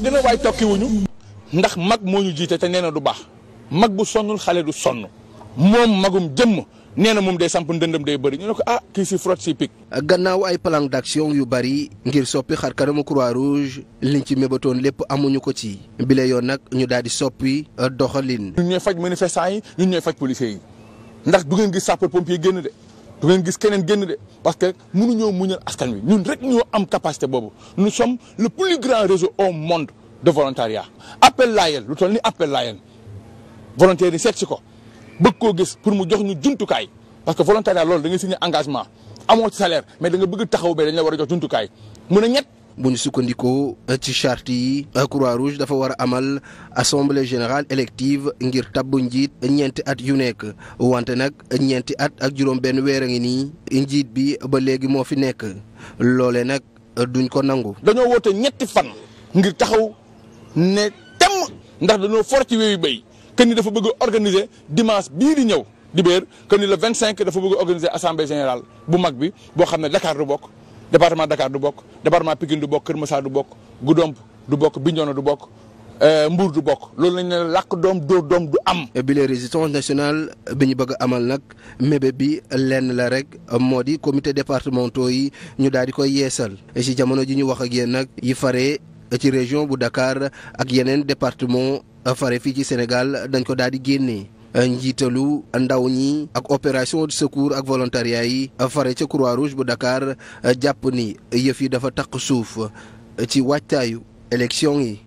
gën a waay tokki wuñu ndax mag moo ñu jiite te nee na du baax mag bu sonnul xale du sonn moom magum jëmm nee na moom day samp ndëndëm day bëri ñu ne ko ah kii si frot si pic gannaaw ay plan d'action yu bëri ngir soppi xar kanamu croix rouge liñ ci mébatoon lépp amuñu ko ci bile yoon nag ñu daal di soppi euh, doxaliin ñun ñooy faj manifestants yi ñun ñooy faj policiers yi ndax du ngeen gis sapeur pompier génn de. du ngeen gis keneen génn de parce que mu muñal askan wi ñun rek ñoo am capacité boobu nous sommes le plus grand réseau au monde de volontariat appel laayel lu toll ni appel laayel volontaire yi seet si ko bëgg koo gis pour mu jox ñu juntukaay parce que volontariat loolu da ngay signé engagement amoo ci salaire mais da nga bëgg taxaw ba dañ la war a jox juntukaay mu ne ñett bu ñu sukkandikoo eh, ci charte yi eh, croix rouge dafa war a amal assemblée générale élective ngir tabb njiit ñeenti at yu nekk wante nag ñeenti at ak juróom benn weer a ngi nii njiit bi ba léegi moo fi nekk loole nag eh, duñ ko nangu. dañoo woote ñetti fan ngir taxaw ne tem ndax dañoo for ci wéyu béy que dafa bëgg organiser dimanche bii di ñëw dibéer que ni le cinq dafa bëgg organiser assemblée général bu mag bi boo xam ne Dakar du bokk. département Dakar du bokk département Pikine du bokk Kër Moussa du bokk Goudomp du bokk Bignona du bokk euh, mbuur du bokk loolu lañ ne làkk doom dóor doom du am. bi les résistance nationale bi ñu bëgg amal nag mébé bi lenn la rek moo di comité départementaux yi ñu daal di koy yeesal si jamono ji ñu wax ak yéen nag yi fare ci région bu Dakar ak yeneen département fare fii ci Sénégal dañ ko daal di génnee. Euh, njiitalu ndaw ñi ak opération de secours ak volontariat yi fare ca croix rouge bu Dakar euh, jàpp ni yëf yi dafa taq suuf euh, ci wàccaayu élection yi